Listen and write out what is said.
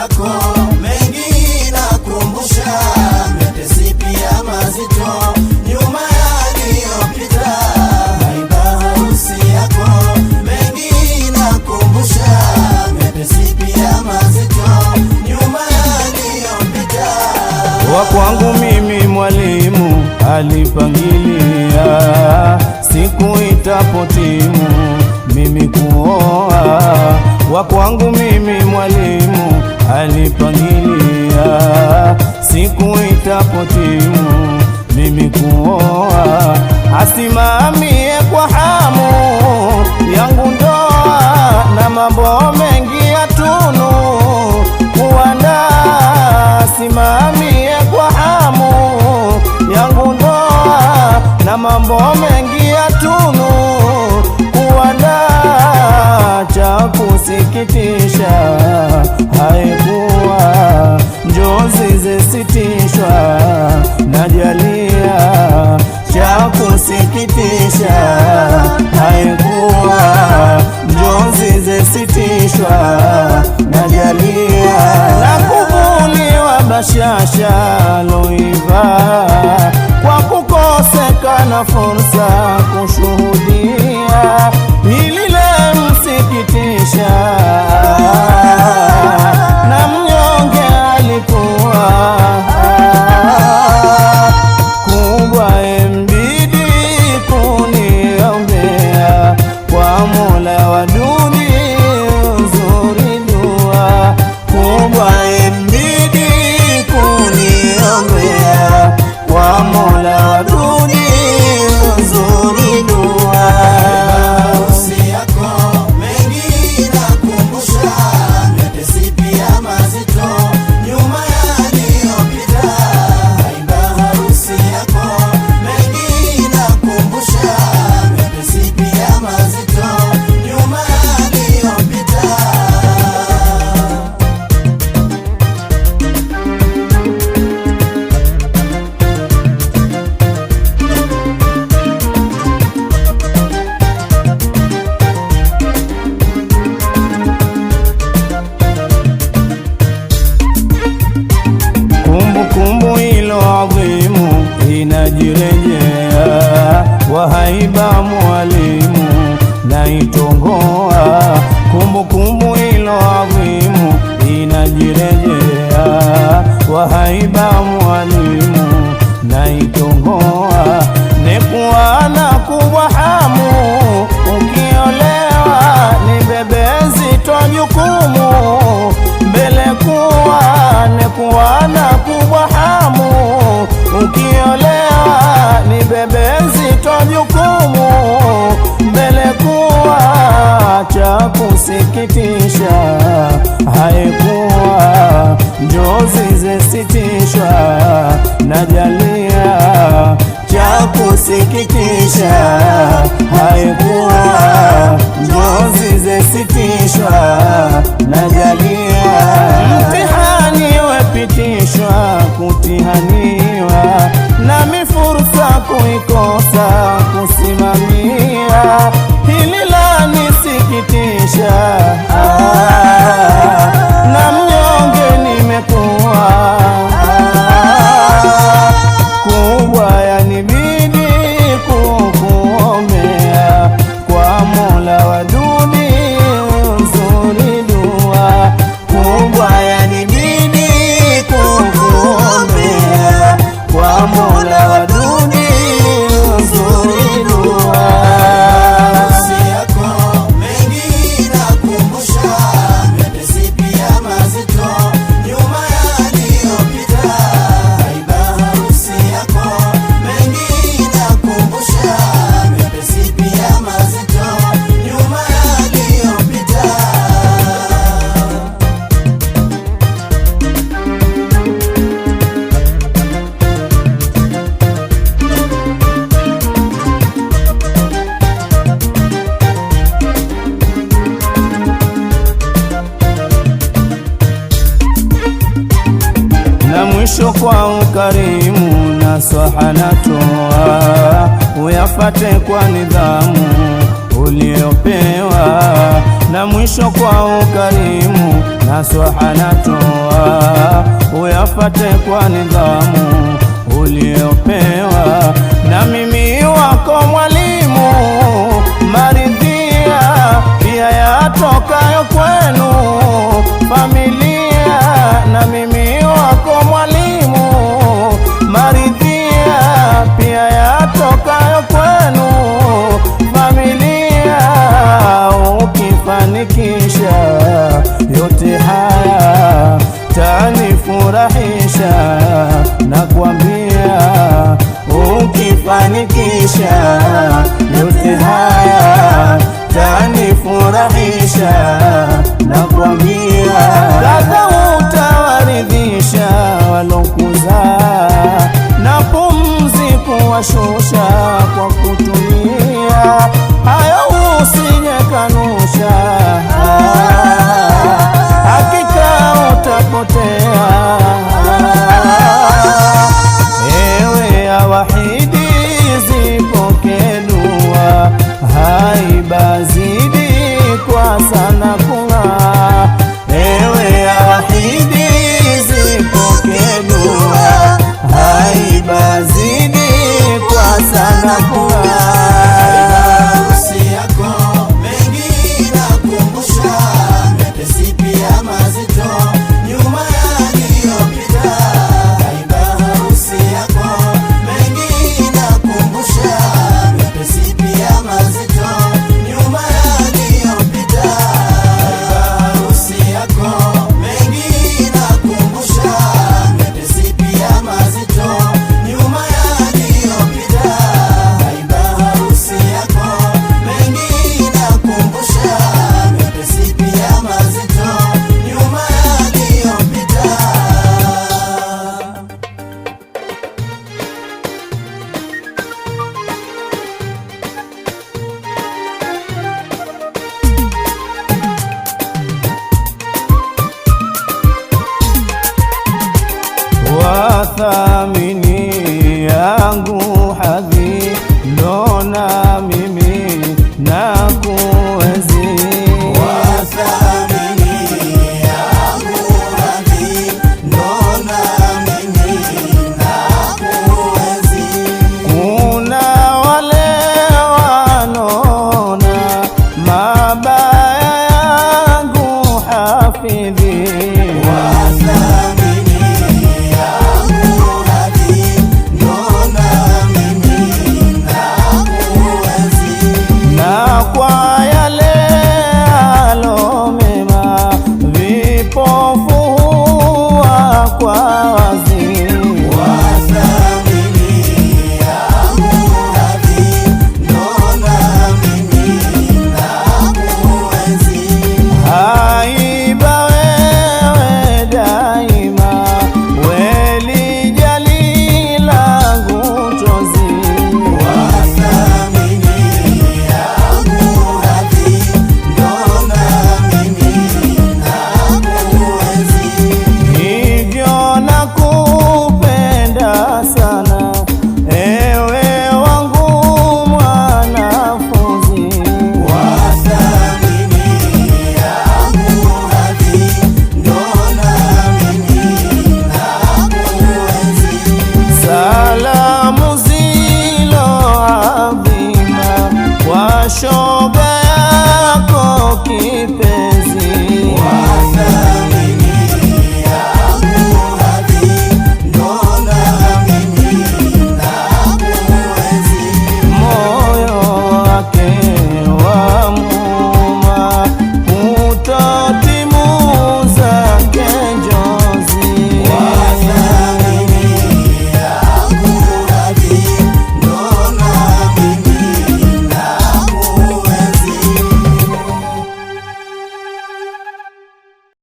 yako mengi pia mazito nyuma yaliyopita. Haiba yako mengi pia mazito nyuma yaliyopita. Wa kwangu mimi mwalimu alipangilia siku itapotimu mimi kuoa. Wa kwangu mimi mwalimu alipangilia siku itapotimu mimi kuoa, asimamie kwa hamu yangu ndoa na mambo mengi ya tunu kuanda, asimamie kwa hamu yangu ndoa na mambo mengi ya tunu kuanda cha kusikitisha hai njozi zisitishwa, najalia cha kusikitisha haikuwa, njozi zisitishwa, najalia la kuvuliwa bashasha loiva kwa kukosekana fursa kushuhudia hili la msikitisha inajirejea Wahaiba mwalimu naitongoa, kumbukumbu ilo adhimu inajirejea. Wahaiba mwalimu naitongoa nekuana haikuwa, njozi zesitishwa najalia cha kusikitisha haikuwa, njozi zesitishwa na mtihani wepitishwa kutihaniwa, nami fursa kuikosa kusimamia hili njaa ah, na mnyonge nimekuwa ah, kubwa ya karimu na swaha natoa, uyafate kwa nidhamu uliopewa, na mwisho kwa ukarimu na swaha natoa, uyafate kwa nidhamu uliopewa, na mimi wako mwalimu maridhia, pia yatokayo kwenu familia na mimi kufurahisha na ukifanikisha yote haya tanifurahisha na kuambia utawaridhisha walokuzaa na pumzi kuwashusha kwa i Sami.